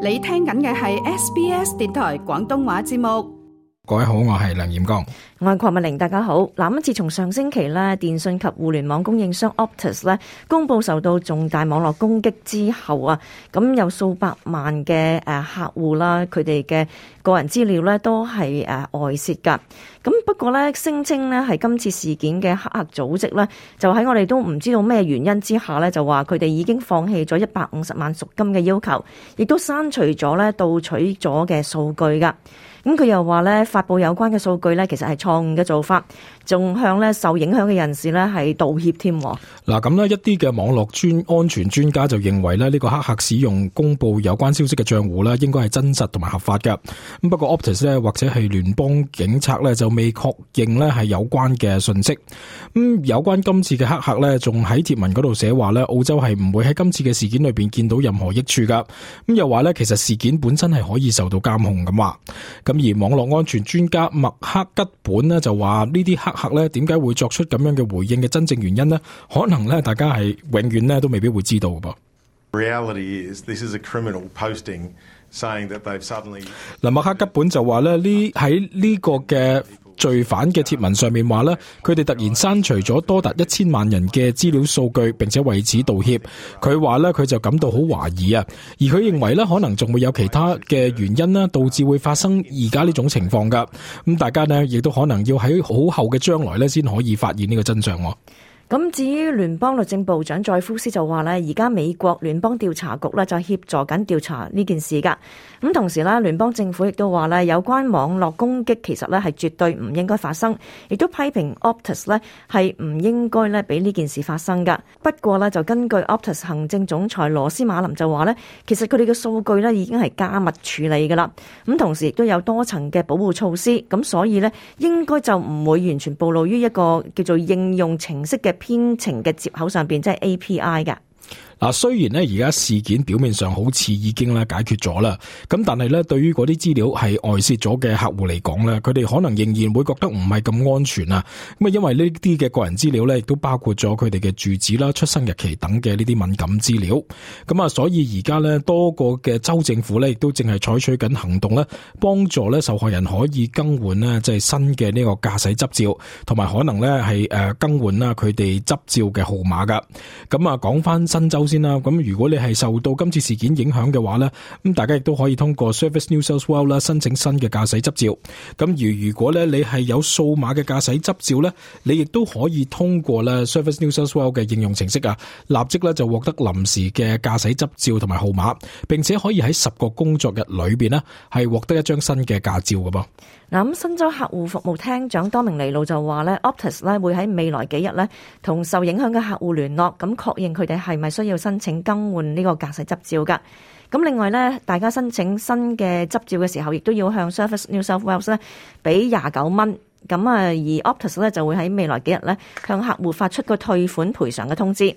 你聽緊嘅係 SBS 電台廣東話節目，各位好，我係梁艷剛，我係鄺文玲，大家好。嗱，咁自從上星期咧，電訊及互聯網供應商 Optus 咧公布受到重大網絡攻擊之後啊，咁有數百萬嘅誒客戶啦，佢哋嘅個人資料咧都係誒外洩噶。咁不過呢，聲稱呢係今次事件嘅黑客組織呢，就喺我哋都唔知道咩原因之下呢，就話佢哋已經放棄咗一百五十萬贖金嘅要求，亦都刪除咗呢盜取咗嘅數據噶。咁佢又話呢，發布有關嘅數據呢，其實係錯誤嘅做法，仲向呢受影響嘅人士呢係道歉添、啊。嗱，咁呢一啲嘅網絡專安全專家就認為呢呢、呢個黑客使用公佈有關消息嘅賬戶呢，應該係真實同埋合法嘅。咁不過 Optus 呢或者係聯邦警察呢就未確認咧係有關嘅信息，咁、嗯、有關今次嘅黑客咧，仲喺貼文嗰度寫話咧，澳洲係唔會喺今次嘅事件裏邊見到任何益處噶，咁、嗯、又話咧其實事件本身係可以受到監控咁話，咁而網絡安全專家麥克吉本咧就話呢啲黑客咧點解會作出咁樣嘅回應嘅真正原因咧，可能咧大家係永遠咧都未必會知道㗎噃。Reality is this is a criminal posting saying that they've suddenly。嗱，麥克吉本就話咧呢喺呢個嘅。罪犯嘅貼文上面話呢，佢哋突然刪除咗多達一千萬人嘅資料數據，並且為此道歉。佢話呢，佢就感到好懷疑啊，而佢認為呢，可能仲會有其他嘅原因呢，導致會發生而家呢種情況噶。咁大家呢，亦都可能要喺好後嘅將來呢，先可以發現呢個真相。咁至於聯邦律政部長在夫斯就話呢，而家美國聯邦調查局呢就協助緊調查呢件事㗎。咁同時呢，聯邦政府亦都話呢，有關網絡攻擊其實呢係絕對唔應該發生，亦都批評 Optus 呢係唔應該呢俾呢件事發生㗎。不過呢，就根據 Optus 行政總裁羅斯馬林就話呢，其實佢哋嘅數據呢，已經係加密處理㗎啦。咁同時亦都有多層嘅保護措施，咁所以呢，應該就唔會完全暴露於一個叫做應用程式嘅編程嘅接口上邊，即係 API 噶。嗱，雖然咧而家事件表面上好似已經咧解決咗啦，咁但係咧對於嗰啲資料係外泄咗嘅客戶嚟講咧，佢哋可能仍然會覺得唔係咁安全啊！咁啊，因為呢啲嘅個人資料咧，亦都包括咗佢哋嘅住址啦、出生日期等嘅呢啲敏感資料。咁啊，所以而家咧多個嘅州政府咧，亦都正係採取緊行動咧，幫助咧受害人可以更換咧即係新嘅呢個駕駛執照，同埋可能咧係誒更換啦佢哋執照嘅號碼㗎。咁啊，講翻新州先啦，咁如果你係受到今次事件影響嘅話咧，咁大家亦都可以通過 Service NSW 啦，申請新嘅駕駛執照。咁而如果咧你係有數碼嘅駕駛執照呢，你亦都可以通過啦 Service NSW 嘅應用程式啊，立即咧就獲得臨時嘅駕駛執照同埋號碼，並且可以喺十個工作日裏邊呢係獲得一張新嘅駕照嘅噃。咁新州客戶服務廳長多明尼路就話咧，Optus 咧會喺未來幾日呢同受影響嘅客戶聯絡，咁確認佢哋係咪需要，申請更換呢個駕駛執照噶，咁另外咧，大家申請新嘅執照嘅時候，亦都要向 Service New South Wales 咧俾廿九蚊，咁啊而 Optus 咧就會喺未來幾日咧向客戶發出個退款賠償嘅通知。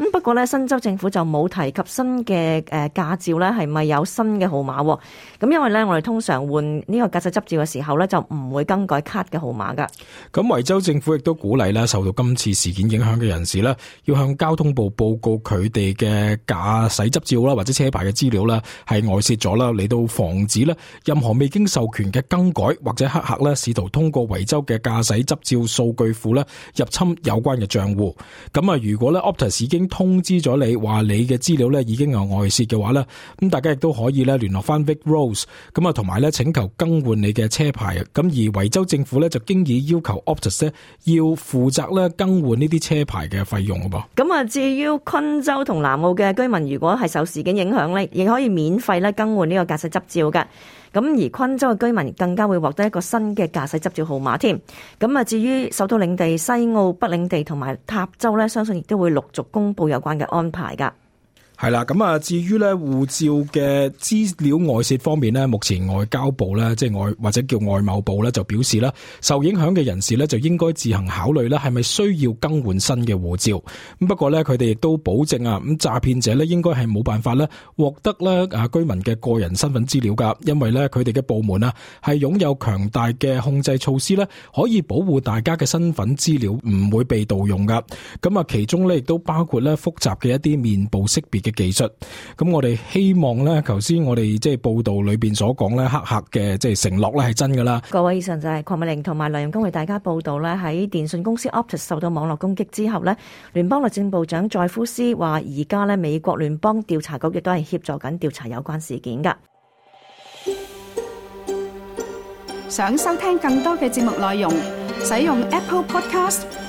咁不過咧，新州政府就冇提及新嘅誒駕照咧係咪有新嘅號碼？咁因為咧，我哋通常換呢個駕駛執照嘅時候咧，就唔會更改卡嘅號碼噶。咁維州政府亦都鼓勵咧，受到今次事件影響嘅人士呢，要向交通部報告佢哋嘅駕駛執照啦或者車牌嘅資料啦，係外泄咗啦，嚟到防止呢任何未經授權嘅更改或者黑客咧試圖通過維州嘅駕駛執照數據庫咧入侵有關嘅帳戶。咁啊，如果咧 Optus 已經通知咗你話你嘅資料咧已經有外泄嘅話咧，咁大家亦都可以咧聯絡翻 VicRoads，咁啊同埋咧請求更換你嘅車牌，咁而維州政府咧就經已要求 Optus 咧要負責咧更換呢啲車牌嘅費用噃。咁啊至於昆州同南澳嘅居民，如果係受事件影響咧，亦可以免費咧更換呢個駕駛執照㗎。咁而昆州嘅居民更加會獲得一個新嘅駕駛執照號碼添。咁至於首都領地、西澳、北領地同埋塔州，相信亦都會陸續公布有關嘅安排㗎。係啦，咁啊，至於咧護照嘅資料外泄方面呢，目前外交部咧，即係外或者叫外貿部咧，就表示啦，受影響嘅人士呢就應該自行考慮咧，係咪需要更換新嘅護照。咁不過呢，佢哋亦都保證啊，咁詐騙者呢應該係冇辦法咧獲得咧啊居民嘅個人身份資料㗎，因為呢佢哋嘅部門啊係擁有強大嘅控制措施呢，可以保護大家嘅身份資料唔會被盜用㗎。咁啊，其中呢亦都包括咧複雜嘅一啲面部識別嘅。技術咁，我哋希望咧，頭先我哋即係報道裏邊所講咧，黑客嘅即係承諾咧係真噶啦。各位以上就係鄺美玲同埋梁人光為大家報道咧，喺電信公司 Optus 受到網絡攻擊之後咧，聯邦律政部長在夫斯話，而家咧美國聯邦調查局亦都係協助緊調查有關事件噶。想收聽更多嘅節目內容，使用 Apple Podcast。